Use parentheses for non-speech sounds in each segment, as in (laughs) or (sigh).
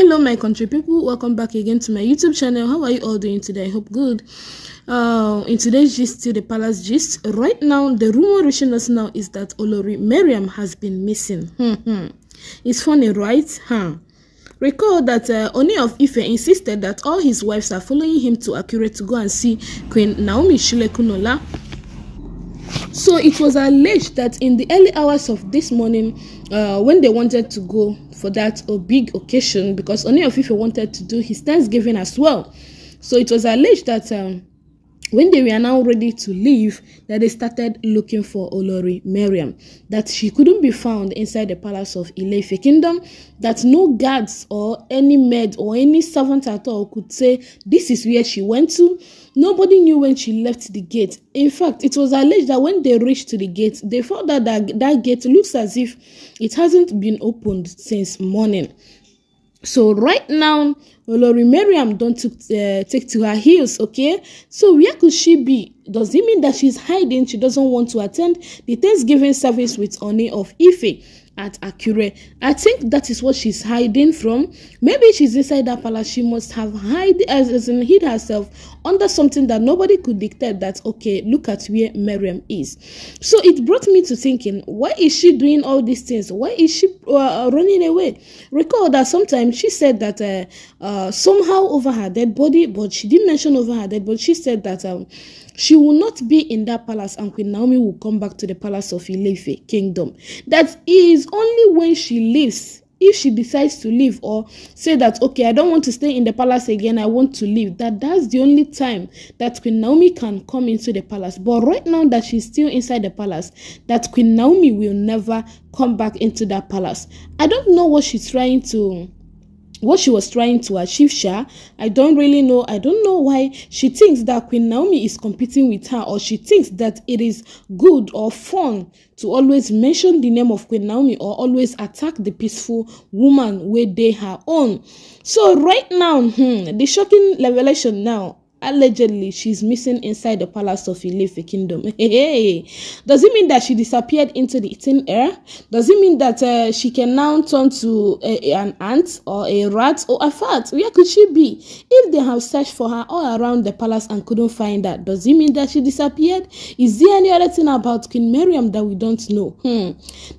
hello my country people welcome back again to my youtube channel how are you all doing today i hope good uh, in today's gist to the palace gist right now the rumor reaching us now is that olori miriam has been missing hmm, hmm. it's funny right huh Recall that uh, Oni of Ife insisted that all his wives are following him to Akure to go and see Queen Naomi Shilekunola. So it was alleged that in the early hours of this morning, uh, when they wanted to go for that oh, big occasion because Ooni of if he wanted to do his Thanksgiving as well. So it was alleged that um, when they were now ready to leave, that they started looking for Olori Mariam, that she couldn't be found inside the palace of Ilefe Kingdom, that no guards or any maid or any servant at all could say this is where she went to. Nobody knew when she left the gate. In fact, it was alleged that when they reached the gate, they found that that, that gate looks as if it hasn't been opened since morning. So right now, Olori Mariam don't uh, eh, take to her heels, okay? So where could she be? Does it mean that she's hiding? She doesn't want to attend the Thanksgiving service with Oni of Ife at Akure. I think that is what she's hiding from. Maybe she's inside that palace. She must have hide as, as in hid herself under something that nobody could dictate that okay, look at where Miriam is. So it brought me to thinking, why is she doing all these things? Why is she uh, uh running away? Recall that sometimes she said that uh, uh, somehow over her dead body, but she didn't mention over her dead, body. she said that um She will not be in that palace and Queen Naomi will come back to the palace of Ilefe kingdom. That is only when she leaves if she decides to leave or say that okay i don't want to stay in the palace again i want to leave that that's the only time that queen naomi can come into the palace but right now that she's still inside the palace that queen naomi will never come back into that palace i don't know what she's trying to what she was trying to achieve sha i don't really know i don't know why she thinks that queen naomi is competing with her or she thinks that it is good or fun to always mention the name of queen naomi or always attack the peaceful woman wey dey her own so right now hmm, the shocking revelation now allegedly she's missing inside the palace of Ilefe kingdom. (laughs) Hey, hey. Does it mean that she disappeared into the thin air? Does it mean that uh, she can now turn to a, uh, an ant or a rat or a fat? Where could she be? If they have searched for her all around the palace and couldn't find her, does it mean that she disappeared? Is there any other thing about Queen Miriam that we don't know? Hmm.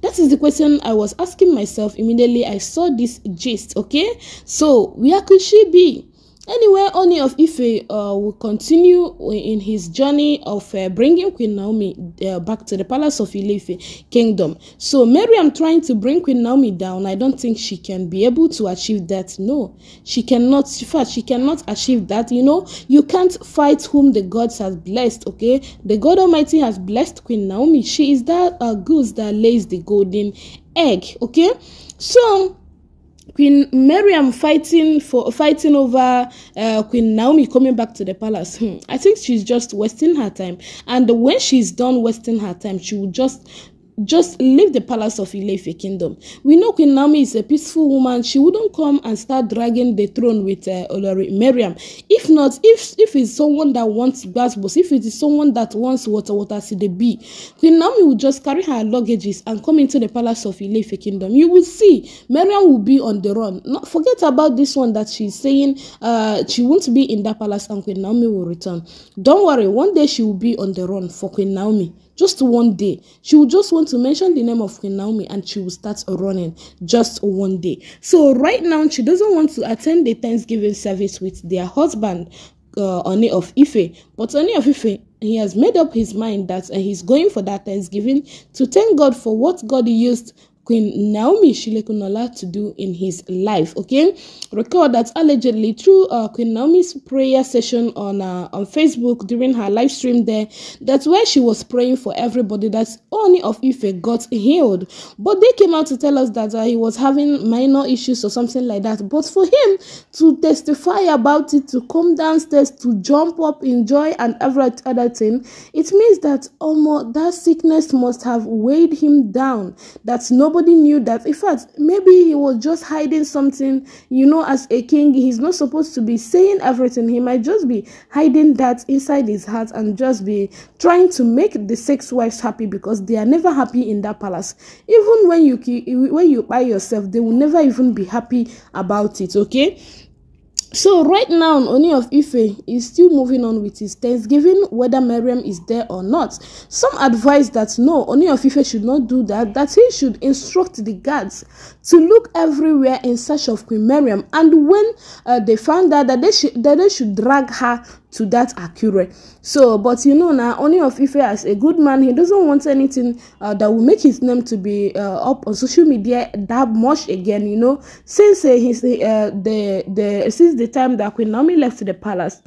That is the question I was asking myself immediately I saw this gist, okay? So, where could she be? Anyway, Oni of Ife uh, will continue in his journey of uh, bringing Queen Naomi uh, back to the palace of Ife kingdom. So Mary, I'm trying to bring Queen Naomi down, I don't think she can be able to achieve that. No, she cannot. In fact, she cannot achieve that. You know, you can't fight whom the gods has blessed, okay? The God Almighty has blessed Queen Naomi. She is that uh, goose that lays the golden egg, okay? So Queen Miriam fighting for fighting over uh, Queen Naomi coming back to the palace. Hmm. I think she's just wasting her time, and when she's done wasting her time, she will just just leave the palace of Ilefe kingdom. We know Queen Naomi is a peaceful woman. She wouldn't come and start dragging the throne with uh, Olori Mariam. If not, if if it's someone that wants gasbos, if it is someone that wants water, water see the bee, Queen Naomi will just carry her luggages and come into the palace of Ilefe kingdom. You will see Mariam will be on the run. Not forget about this one that she's saying uh, she won't be in that palace and Queen Naomi will return. Don't worry, one day she will be on the run for Queen Naomi. just one day. She will just want to mention the name of Queen Naomi and she will start running just one day. So right now, she doesn't want to attend the Thanksgiving service with their husband, uh, Oni of Ife. But Oni of Ife, he has made up his mind that and uh, he's going for that Thanksgiving to thank God for what God used Queen Naomi Shilekunola to do in his life. Okay, record that allegedly through uh, Queen Naomi's prayer session on uh, on Facebook during her live stream there, that's where she was praying for everybody. That's only of Ife got healed, but they came out to tell us that uh, he was having minor issues or something like that. But for him to testify about it, to come downstairs, to jump up in joy and every other thing, it means that almost that sickness must have weighed him down. That nobody nobody knew that. In fact, maybe he was just hiding something. You know, as a king, he's not supposed to be saying everything. He might just be hiding that inside his heart and just be trying to make the six wives happy because they are never happy in that palace. Even when you when you by yourself, they will never even be happy about it. Okay, So right now, Oni of Ife is still moving on with his Thanksgiving, whether Mariam is there or not. Some advise that no, Oni of Ife should not do that, that he should instruct the guards to look everywhere in search of Queen Mariam. And when uh, they found out that they, that they should drag her to that accurate, So, but you know now, only of Ife as a good man, he doesn't want anything uh, that will make his name to be uh, up on social media that much again. You know, since uh, his uh, the the since the time that Queen Naomi left the palace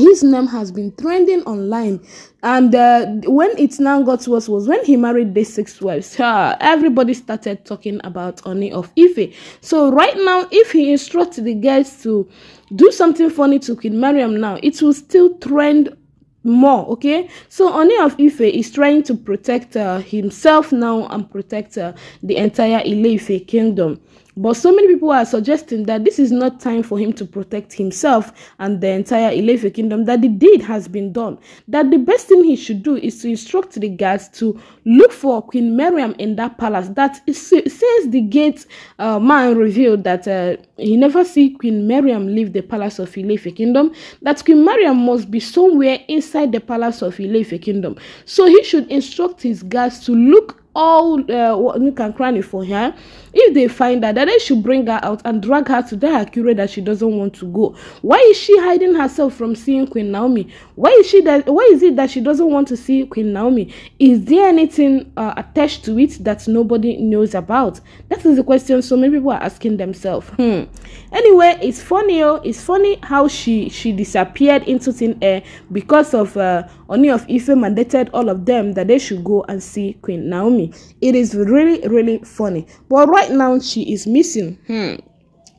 his name has been trending online and uh, when it now got worse was when he married the six wives uh, everybody started talking about oni of ife so right now if he instructs the guys to do something funny to Queen mariam now it will still trend more okay so oni of ife is trying to protect uh, himself now and protect uh, the entire Ile Ife kingdom But so many people are suggesting that this is not time for him to protect himself and the entire Ilefe kingdom, that the deed has been done. That the best thing he should do is to instruct the guards to look for Queen Miriam in that palace. That since the gate uh, man revealed that uh, he never see Queen Miriam leave the palace of Ilefe kingdom, that Queen Miriam must be somewhere inside the palace of Ilefe kingdom. So he should instruct his guards to look all uh, can cry for her. If they find her, then they should bring her out and drag her to the accurate that she doesn't want to go. Why is she hiding herself from seeing Queen Naomi? Why is she that? Why is it that she doesn't want to see Queen Naomi? Is there anything uh, attached to it that nobody knows about? That is the question so many people are asking themselves. Hmm. Anyway, it's funny. Oh, it's funny how she she disappeared into thin air because of uh, Oni of Ife mandated all of them that they should go and see Queen Naomi funny. It is really, really funny. But right now, she is missing. Hmm.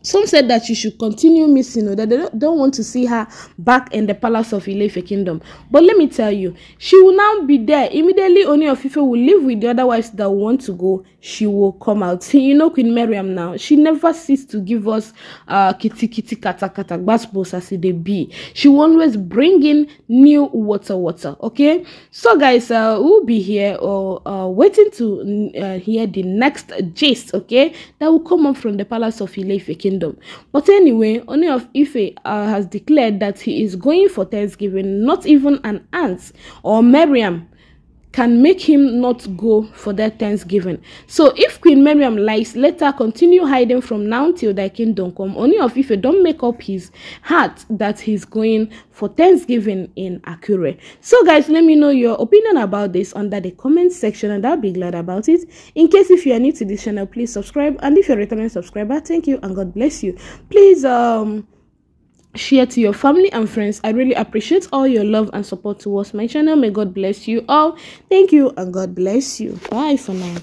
Some said that she should continue missing or that they don't, don't want to see her back in the palace of Ilefe kingdom. But let me tell you, she will now be there. Immediately, Only of Ife will live with the other wives that want to go. She will come out. (laughs) You know Queen Mariam now. She never ceases to give us uh, kitty kitty kata kata gbaspos as they e be. She will always bring in new water water. Okay? So guys, uh, we'll be here or uh, waiting to uh, hear the next gist, okay? That will come up from the palace of Ilefe kingdom kingdom. But anyway, Ooni of Ife uh, has declared that he is going for Thanksgiving, not even an aunt or Miriam can make him not go for that thanksgiving. So if Queen Miriam lies, let her continue hiding from now till thy kingdom come. Only of if you don't make up his heart that he's going for thanksgiving in Akure. So guys, let me know your opinion about this under the comment section and I'll be glad about it. In case if you are new to this channel, please subscribe. And if you're a returning subscriber, thank you and God bless you. Please um share to your family and friends. I really appreciate all your love and support towards my channel. May God bless you all. Thank you and God bless you. Bye for now.